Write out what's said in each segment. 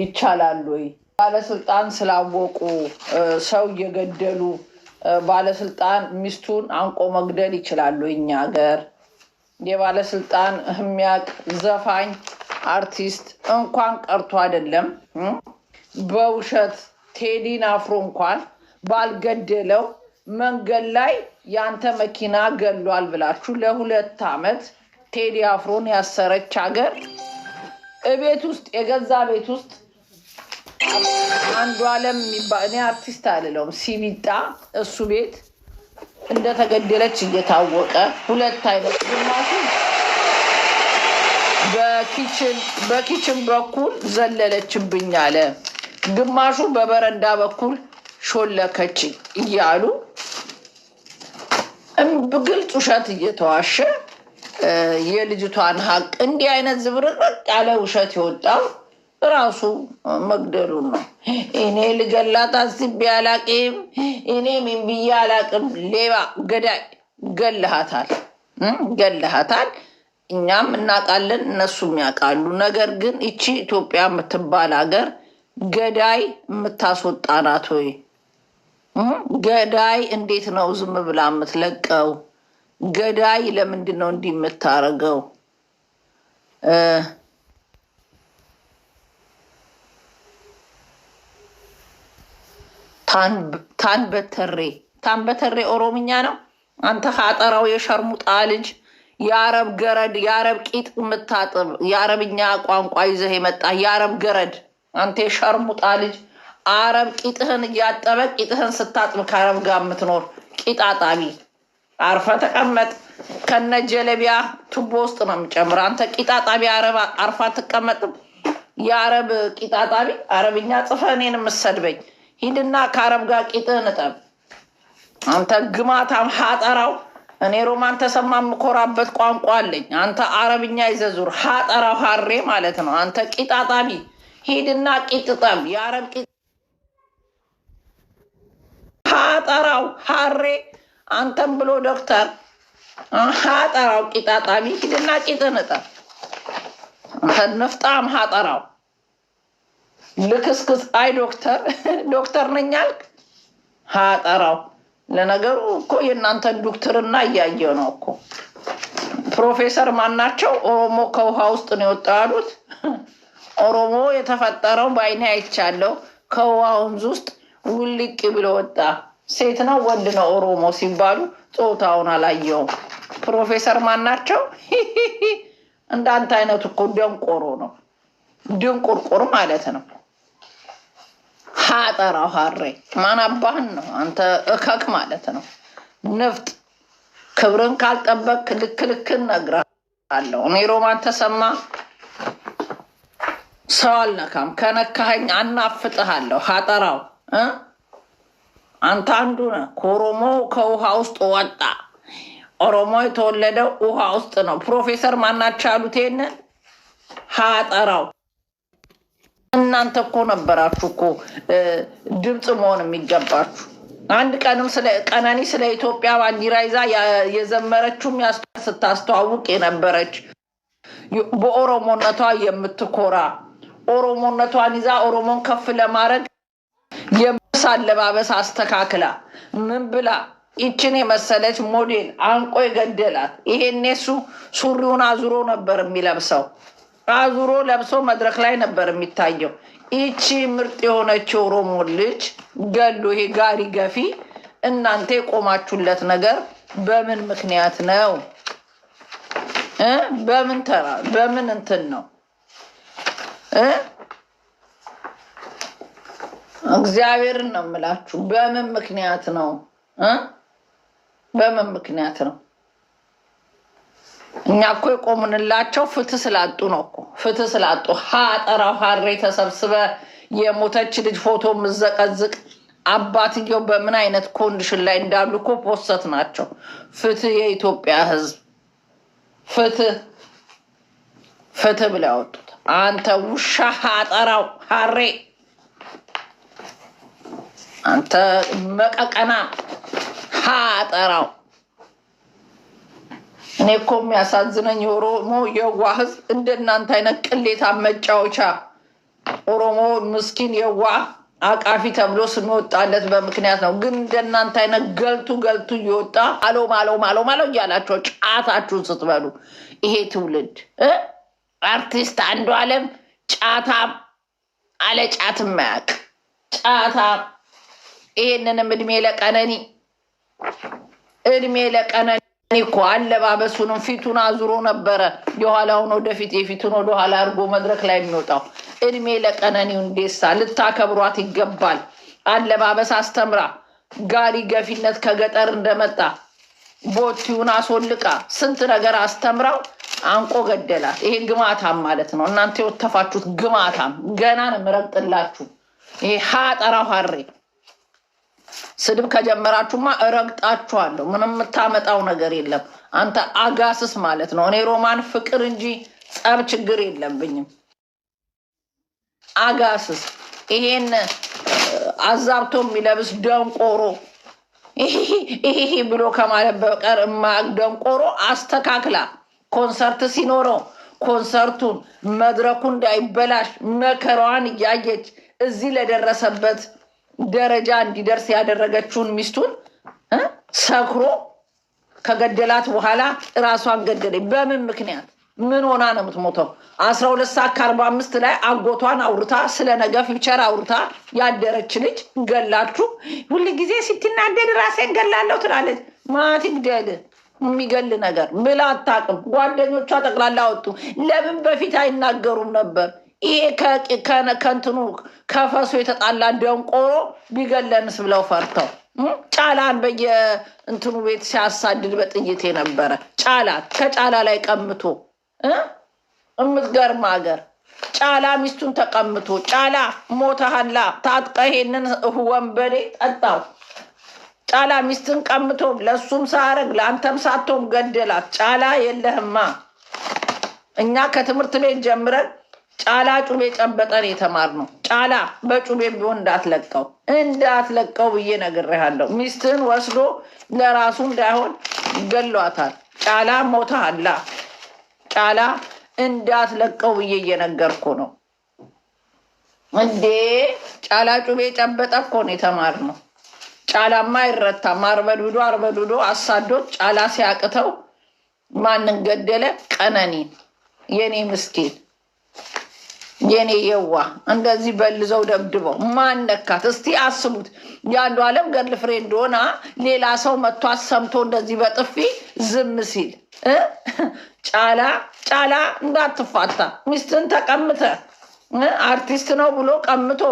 ይቻላል ወይ? ባለስልጣን ስላወቁ ሰው እየገደሉ ባለስልጣን ሚስቱን አንቆ መግደል ይችላሉ? እኛ ሀገር የባለስልጣን ህሚያቅ ዘፋኝ አርቲስት እንኳን ቀርቶ አይደለም በውሸት ቴዲን አፍሮ እንኳን ባልገደለው መንገድ ላይ ያንተ መኪና ገሏል ብላችሁ ለሁለት ዓመት ቴዲ አፍሮን ያሰረች ሀገር እቤት ውስጥ የገዛ ቤት ውስጥ አንዱ አለም የሚባል እኔ አርቲስት አልለውም ሲሚጣ እሱ ቤት እንደተገደለች እየታወቀ ሁለት አይነት ግማሹ በኪችን በኩል ዘለለችብኝ አለ፣ ግማሹ በበረንዳ በኩል ሾለከች እያሉ ግልጽ ውሸት እየተዋሸ የልጅቷን ሀቅ እንዲህ አይነት ዝብርቅርቅ ያለ ውሸት የወጣው ራሱ መግደሉ ነው። እኔ ልገላት አስቤ አላቅም፣ እኔ ምን ብዬ አላቅም። ሌባ ገዳይ ገልሃታል፣ ገልሃታል። እኛም እናውቃለን፣ እነሱም ያውቃሉ። ነገር ግን እቺ ኢትዮጵያ የምትባል ሀገር ገዳይ የምታስወጣናት ወይ? ገዳይ እንዴት ነው ዝም ብላ የምትለቀው? ገዳይ ለምንድን ነው እንዲህ የምታደርገው? ታንበተሬ ታንበተሬ ኦሮምኛ ነው። አንተ ከአጠራው የሸርሙጣ ልጅ የአረብ ገረድ የአረብ ቂጥ የምታጥብ የአረብኛ ቋንቋ ይዘህ የመጣ የአረብ ገረድ አንተ የሸርሙጣ ልጅ አረብ ቂጥህን እያጠበ ቂጥህን ስታጥብ ከአረብ ጋር የምትኖር ቂጣጣቢ አርፈ ተቀመጥ። ከነ ጀለቢያ ቱቦ ውስጥ ነው የሚጨምር። አንተ ቂጣጣቢ አረብ አርፋ አትቀመጥም። የአረብ ቂጣጣቢ አረብኛ ጽፈ እኔን የምሰድበኝ። ሂድና ከአረብ ጋር ቂጥህን እጠብ። አንተ ግማታም ሀጠራው እኔ ሮማን ተሰማ የምኮራበት ቋንቋ አለኝ። አንተ አረብኛ ይዘዙር ሀጠራው ሀሬ ማለት ነው። አንተ ቂጣጣቢ ሂድና ጠብ። የአረብ ቂጥ ሀጠራው ሀሬ አንተም ብሎ ዶክተር ሀጠራው ቂጣጣሚ ክድና ቂጥንጠር ነፍጣም ሀጠራው ልክስክስ አይ ዶክተር ዶክተር ነኝ አልክ ሀጠራው። ለነገሩ እኮ የእናንተን ዶክተርና እያየው ነው እኮ ፕሮፌሰር ማናቸው ኦሮሞ ከውሃ ውስጥ ነው የወጣው ያሉት። ኦሮሞ የተፈጠረው በአይኔ አይቻለው ከውሃ ወንዝ ውስጥ ውልቅ ብሎ ወጣ። ሴት ነው ወንድ ነው ኦሮሞ ሲባሉ ጾታውን አላየውም። ፕሮፌሰር ማን ናቸው? እንዳንተ አይነቱ እኮ ደንቆሮ ነው፣ ድንቁርቁር ማለት ነው። ሀጠራው ሀሬ ማን አባህን ነው አንተ? እከክ ማለት ነው። ንፍጥ ክብርን ካልጠበቅ ልክ ልክን እነግርሃለሁ። እኔ ሮማን ተሰማ ሰው አልነካም። ከነካኸኝ አናፍጥሃለሁ። ሀጠራው አንተ አንዱ ነህ። ከኦሮሞ ከውሃ ውስጥ ወጣ። ኦሮሞ የተወለደው ውሃ ውስጥ ነው። ፕሮፌሰር ማናቸው ያሉት ይሄንን ሀጠራው እናንተ እኮ ነበራችሁ እኮ ድምፅ መሆን የሚገባችሁ። አንድ ቀንም ቀነኒ ስለ ኢትዮጵያ ባንዲራ ይዛ የዘመረችውም ስታስተዋውቅ የነበረች በኦሮሞነቷ የምትኮራ ኦሮሞነቷን ይዛ ኦሮሞን ከፍ ለማድረግ ልብስ አለባበስ አስተካክላ ምን ብላ ይችን የመሰለች ሞዴል አንቆ የገደላት። ይሄኔ እሱ ሱሪውን አዙሮ ነበር የሚለብሰው፣ አዙሮ ለብሶ መድረክ ላይ ነበር የሚታየው። ይቺ ምርጥ የሆነችው ኦሮሞ ልጅ ገሎ፣ ይሄ ጋሪ ገፊ፣ እናንተ የቆማችሁለት ነገር በምን ምክንያት ነው? በምን ተራ በምን እንትን ነው? እግዚአብሔርን ነው የምላችሁ። በምን ምክንያት ነው? በምን ምክንያት ነው? እኛ እኮ የቆምንላቸው ፍትህ ስላጡ ነው እኮ ፍትህ ስላጡ። ሀጠራው ሀሬ ተሰብስበ የሞተች ልጅ ፎቶ ምዘቀዝቅ አባትየው በምን አይነት ኮንዲሽን ላይ እንዳሉ እኮ ፖሰት ናቸው። ፍትህ የኢትዮጵያ ህዝብ ፍትህ ፍትህ ብለው ያወጡት አንተ ውሻ ሀጠራው ሀሬ አንተ መቀቀና ሀጠራው እኔ እኮ የሚያሳዝነኝ የኦሮሞ የዋ ህዝብ እንደናንተ አይነት ቅሌታ መጫወቻ ኦሮሞ ምስኪን የዋ አቃፊ ተብሎ ስንወጣለት በምክንያት ነው። ግን እንደናንተ አይነት ገልቱ ገልቱ እየወጣ አሎም አሎም አሎም አለው እያላቸው ጫታችሁን ስትበሉ ይሄ ትውልድ አርቲስት አንዱ አለም ጫታ አለ ጫት ማያቅ ጫታ ይሄንንም እድሜ ለቀነኒ እድሜ ለቀነኒ እኮ አለባበሱንም ፊቱን አዙሮ ነበረ የኋላውን ወደፊት የፊቱን ወደኋላ አድርጎ መድረክ ላይ የሚወጣው። እድሜ ለቀነኒ እንዴሳ ልታከብሯት ይገባል። አለባበስ አስተምራ፣ ጋሪ ገፊነት ከገጠር እንደመጣ ቦቲውን አስወልቃ ስንት ነገር አስተምራው አንቆ ገደላት። ይሄ ግማታም ማለት ነው። እናንተ የወተፋችሁት ግማታም ገና ነው የምረግጥላችሁ። ይሄ ሀጠራው ሀሬ ስድብ ከጀመራችሁማ እረግጣችኋለሁ። ምንም የምታመጣው ነገር የለም። አንተ አጋስስ ማለት ነው። እኔ ሮማን ፍቅር እንጂ ጸብ ችግር የለብኝም። አጋስስ ይሄን አዛብቶ የሚለብስ ደንቆሮ ይሄ ብሎ ከማለት በቀር እማያውቅ ደንቆሮ አስተካክላ ኮንሰርት ሲኖረው ኮንሰርቱን መድረኩ እንዳይበላሽ መከራዋን እያየች እዚህ ለደረሰበት ደረጃ እንዲደርስ ያደረገችውን ሚስቱን ሰክሮ ከገደላት በኋላ ራሷን ገደለ። በምን ምክንያት ምን ሆና ነው የምትሞተው? አስራ ሁለት ሰዓት ከአርባ አምስት ላይ አጎቷን አውርታ ስለ ነገ ፊቸር አውርታ ያደረች ልጅ ገላችሁ። ሁል ጊዜ ስትናደድ ራሴ ገላለሁ ትላለች። ማት የሚገል ነገር ብላ አታውቅም። ጓደኞቿ ጠቅላላ አወጡ። ለምን በፊት አይናገሩም ነበር? ይሄ ከእንትኑ ከፈሱ የተጣላ ቆሮ ቢገለንስ ብለው ፈርተው ጫላን በየእንትኑ ቤት ሲያሳድድ በጥይት የነበረ ጫላን ከጫላ ላይ ቀምቶ እምትገርም ሀገር ጫላ ሚስቱን ተቀምቶ ጫላ ሞተሃላ ታጥቀ ይሄንን ወንበዴ ጠጣው። ጫላ ሚስትን ቀምቶ ለሱም ሳረግ ለአንተም ሳቶም ገደላት። ጫላ የለህማ እኛ ከትምህርት ቤት ጀምረን ጫላ ጩቤ ጨበጠን የተማር ነው። ጫላ በጩቤ ቢሆን እንዳትለቀው እንዳትለቀው ብዬ ነግሬሃለሁ። ሚስትህን ወስዶ ለራሱ እንዳይሆን ገሏታል። ጫላ ሞታ አላ ጫላ እንዳትለቀው ብዬ እየነገርኩ ነው እንዴ። ጫላ ጩቤ ጨበጠ እኮ ነው የተማር ነው። ጫላማ አይረታም። አርበድብዶ አርበድብዶ አሳዶት ጫላ ሲያቅተው ማንን ገደለ? ቀነኒን የኔ ምስኪን የኔ የዋ እንደዚህ በልዘው ደብድበው ማን ነካት? እስቲ አስቡት። ያንዱ አለም ገርል ፍሬንድ ሆና ሌላ ሰው መጥቶ ሰምቶ እንደዚህ በጥፊ ዝም ሲል ጫላ ጫላ እንዳትፋታ ሚስትን ተቀምተ አርቲስት ነው ብሎ ቀምቶ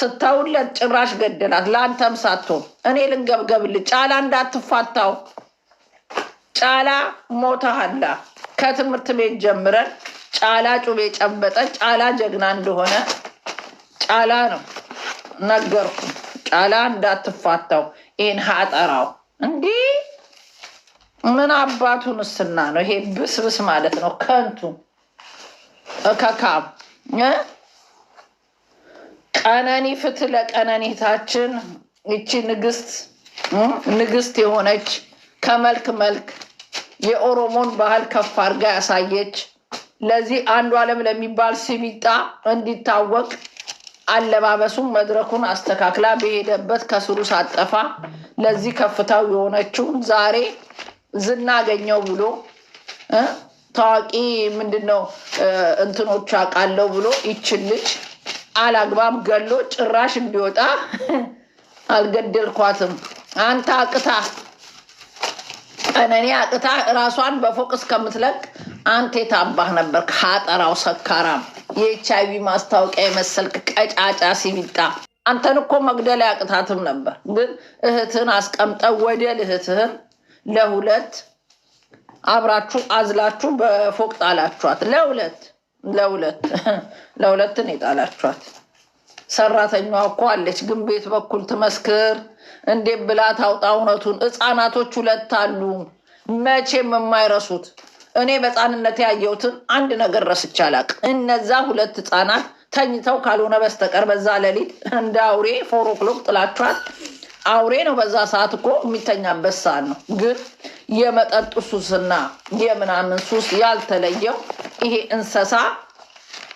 ስታውለት ጭራሽ ገደላት። ለአንተም ሳትሆን እኔ ልንገብገብል ጫላ እንዳትፋታው ጫላ ሞታሃላ ከትምህርት ቤት ጀምረን ጫላ ጩቤ ጨበጠ። ጫላ ጀግና እንደሆነ ጫላ ነው ነገርኩ። ጫላ እንዳትፋታው ይህን ሀጠራው እንዲህ ምን አባቱ ንስና ነው ይሄ? ብስብስ ማለት ነው ከንቱ ከካም ቀነኒ ፍትህ ለቀነኒታችን ይቺ ንግስት ንግስት የሆነች ከመልክ መልክ የኦሮሞን ባህል ከፍ አድርጋ ያሳየች ለዚህ አንዱ አለም ለሚባል ሲሚጣ እንዲታወቅ አለባበሱን መድረኩን አስተካክላ በሄደበት ከስሩ ሳጠፋ ለዚህ ከፍታው የሆነችውን ዛሬ ዝና አገኘው ብሎ ታዋቂ ምንድነው እንትኖች አውቃለሁ ብሎ ይችን ልጅ አላግባብ ገሎ ጭራሽ እንዲወጣ አልገደልኳትም። አንተ አቅታ ቀነኔ አቅታ እራሷን በፎቅ እስከምትለቅ አንተ የታባህ ነበር ከአጠራው ሰካራም የኤች አይቪ ማስታወቂያ የመሰልክ ቀጫጫ ሲሚጣ አንተን እኮ መግደል ያቅታትም ነበር፣ ግን እህትህን አስቀምጠው ወደል እህትህን ለሁለት አብራችሁ አዝላችሁ በፎቅ ጣላችኋት። ለሁለት ለሁለት ለሁለትን የጣላችኋት ሰራተኛዋ እኮ አለች፣ ግን ቤት በኩል ትመስክር እንዴት ብላ ታውጣ እውነቱን። ህፃናቶች ሁለት አሉ መቼም የማይረሱት እኔ በህፃንነት ያየሁትን አንድ ነገር ረስቼ አላቅም። እነዛ ሁለት ህፃናት ተኝተው ካልሆነ በስተቀር በዛ ሌሊት እንደ አውሬ ፎር ኦክሎክ ጥላችኋል። አውሬ ነው በዛ ሰዓት እኮ የሚተኛበት ሰዓት ነው። ግን የመጠጥ ሱስና የምናምን ሱስ ያልተለየው ይሄ እንስሳ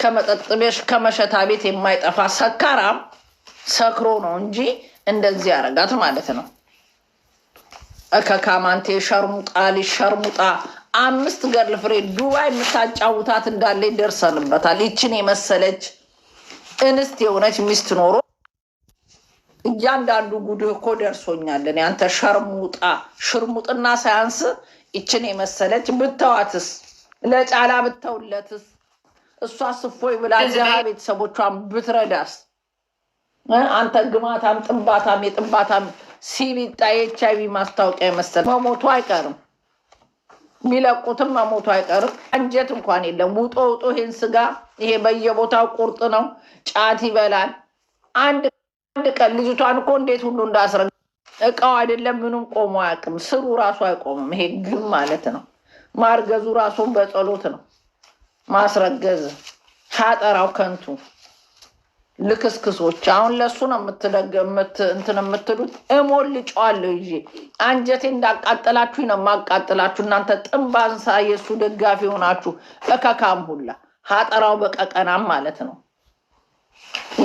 ከመጠጥ ቤት ከመሸታ ቤት የማይጠፋ ሰካራም ሰክሮ ነው እንጂ እንደዚህ ያረጋት ማለት ነው። ከካማንቴ ሸርሙጣ ልጅ ሸርሙጣ አምስት ገርል ፍሬንድ ዱባይ የምታጫውታት እንዳለ ይደርሰንበታል። ይችን የመሰለች እንስት የሆነች ሚስት ኖሮ እያንዳንዱ ጉድህ እኮ ደርሶኛለን ያንተ ሸርሙጣ ሽርሙጥና ሳያንስ ይችን የመሰለች ብተዋትስ ለጫላ ብተውለትስ እሷ ስፎይ ብላ ዚያ ቤተሰቦቿን ብትረዳስ አንተ ግማታም ጥንባታም፣ የጥንባታም ሲቪጣ የኤች አይ ቪ ማስታወቂያ የመሰለ መሞቱ አይቀርም። የሚለቁትም መሞቱ አይቀርም። አንጀት እንኳን የለም። ውጦ ውጦ ይሄን ስጋ ይሄ በየቦታው ቁርጥ ነው፣ ጫት ይበላል። አንድ ቀን ልጅቷን እኮ እንዴት ሁሉ እንዳስረ እቃው አይደለም ምኑም ቆሞ አያውቅም። ስሩ ራሱ አይቆምም። ይሄ ግን ማለት ነው ማርገዙ ራሱን በጸሎት ነው ማስረገዝ ሀጠራው ከንቱ ልክስክሶች አሁን ለእሱ ነው እንትን የምትሉት። እሞልጨዋለሁ ይዤ አንጀቴ እንዳቃጠላችሁ ነው ማቃጠላችሁ። እናንተ ጥንባንሳ የእሱ ደጋፊ ሆናችሁ እከካም ሁላ ሀጠራው በቀቀናም ማለት ነው።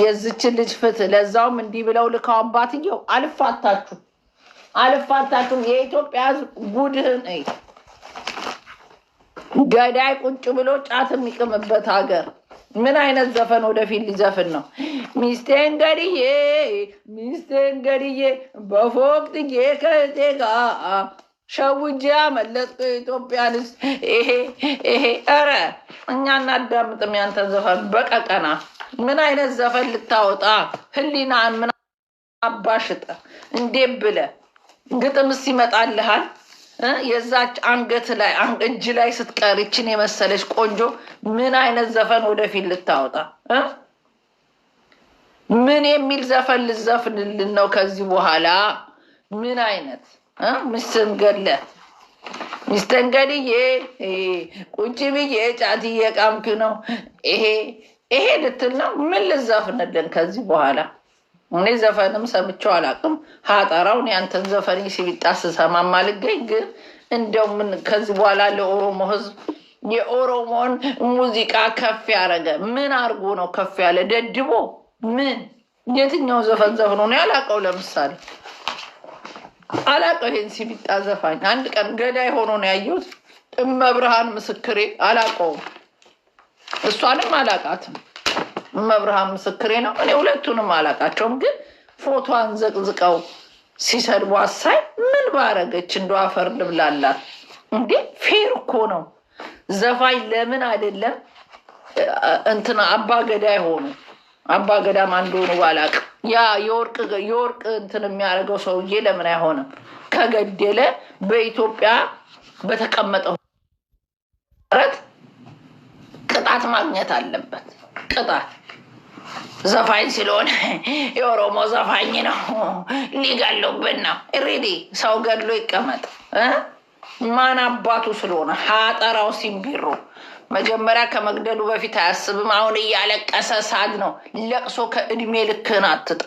የዝችን ልጅ ፍትህ ለዛውም እንዲህ ብለው ልካው አባትየው አልፋታችሁ አልፋታችሁም። የኢትዮጵያ ሕዝብ ጉድህን ገዳይ ቁጭ ብሎ ጫት የሚቅምበት ሀገር ምን አይነት ዘፈን ወደፊት ሊዘፍን ነው? ሚስቴን ገድዬ ሚስቴን ገድዬ በፎቅ ጥጌ ከእቴ ጋር ሸውጄ ኢትዮጵያንስ። ይሄ ይሄ ኧረ እኛ እናዳምጥም ያንተን ዘፈን በቀቀና። ምን አይነት ዘፈን ልታወጣ ህሊና ምን አባሽጠ እንዴ ብለ ግጥምስ ይመጣልሃል? የዛች አንገት ላይ እጅ ላይ ስትቀር ይችን የመሰለች ቆንጆ ምን አይነት ዘፈን ወደፊት ልታወጣ ምን የሚል ዘፈን ልዘፍንልን ነው? ከዚህ በኋላ ምን አይነት ሚስትን ገለ ሚስትን ገድዬ ቁጭ ብዬ ጫት እየቃምኩ ነው ይሄ ይሄ ልትል ነው? ምን ልዘፍንልን ከዚህ በኋላ? እኔ ዘፈንም ሰምቼው አላውቅም። ሀጠራውን ያንተን ዘፈን ሲቢጣ ስሰማ ማልገኝ ግን እንደው ከዚህ በኋላ ለኦሮሞ ህዝብ የኦሮሞን ሙዚቃ ከፍ ያደረገ ምን አርጎ ነው ከፍ ያለ? ደድቦ ምን የትኛው ዘፈን ዘፍኖ ነው ያላቀው? ለምሳሌ አላቀው ይሄን ሲቢጣ ዘፋኝ አንድ ቀን ገዳይ ሆኖ ነው ያየሁት። እመብርሃን ምስክሬ አላቀውም? እሷንም አላቃትም? መብርሃን ምስክሬ ነው። እኔ ሁለቱንም አላቃቸውም ግን ፎቶዋን ዘቅዝቀው ሲሰድቡ አሳይ ምን ባረገች እንደ አፈር ልብላላት እንዴ? ፌር እኮ ነው። ዘፋኝ ለምን አይደለም አባ አባገዳ የሆኑ አባገዳም አንዱ ሆኑ ባላቅ ያ የወርቅ እንትን የሚያደርገው ሰውዬ ለምን አይሆንም? ከገደለ በኢትዮጵያ በተቀመጠው ረት ቅጣት ማግኘት አለበት። ቅጣት ዘፋኝ ስለሆነ የኦሮሞ ዘፋኝ ነው። ሊገሉብን ነው። ሬዲ ሰው ገድሎ ይቀመጥ ማን አባቱ ስለሆነ ሀጠራው ሲምቢሮ መጀመሪያ ከመግደሉ በፊት አያስብም። አሁን እያለቀሰ ሳድ ነው። ለቅሶ ከእድሜ ልክህን አትጣ።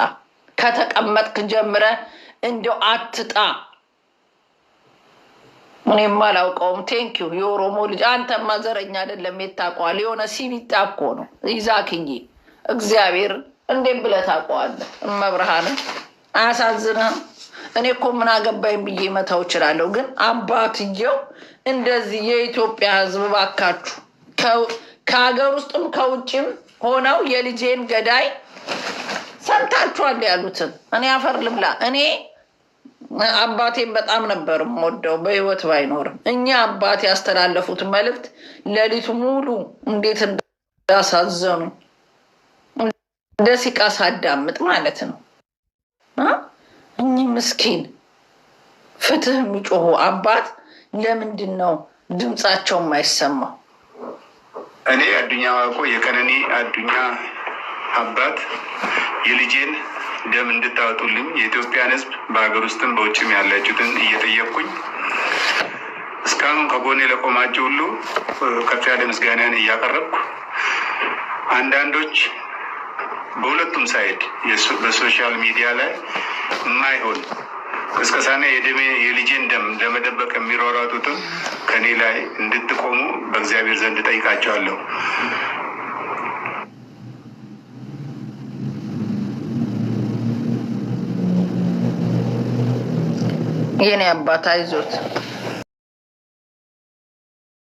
ከተቀመጥክ ጀምረ እንደው አትጣ። እኔም አላውቀውም። ቴንኪዩ የኦሮሞ ልጅ አንተማ ዘረኛ አይደለም። የታውቀዋል የሆነ ሲቢጣ እኮ ነው ይዛክኝ እግዚአብሔር እንዴት ብለህ ታውቀዋለህ? መብርሃን አያሳዝንህም? እኔ እኮ ምን አገባኝ ብዬ መታው እችላለሁ፣ ግን አባትየው እንደዚህ የኢትዮጵያ ሕዝብ ባካችሁ ከሀገር ውስጥም ከውጭም ሆነው የልጄን ገዳይ ሰምታችኋል ያሉትን እኔ አፈር ልብላ። እኔ አባቴን በጣም ነበር ወደው በህይወት ባይኖርም፣ እኛ አባት ያስተላለፉት መልእክት ለሊቱ ሙሉ እንዴት እንዳሳዘኑ እንደ ሲቃ ሳዳምጥ ማለት ነው። እኚህ ምስኪን ፍትህ የሚጮሁ አባት ለምንድን ነው ድምፃቸው የማይሰማው? እኔ አዱኛ ዋቆ የቀነኒ አዱኛ አባት የልጄን ደም እንድታወጡልኝ የኢትዮጵያን ሕዝብ በሀገር ውስጥም በውጭም ያላችሁትን እየጠየቅኩኝ እስካሁን ከጎኔ ለቆማችሁ ሁሉ ከፍ ያለ ምስጋናን እያቀረብኩ አንዳንዶች በሁለቱም ሳይድ በሶሻል ሚዲያ ላይ የማይሆን ቅስቀሳና የደሜ የልጄን ደም ለመደበቅ የሚሯሯጡትን ከኔ ላይ እንድትቆሙ በእግዚአብሔር ዘንድ ጠይቃቸዋለሁ። የኔ አባት አይዞት።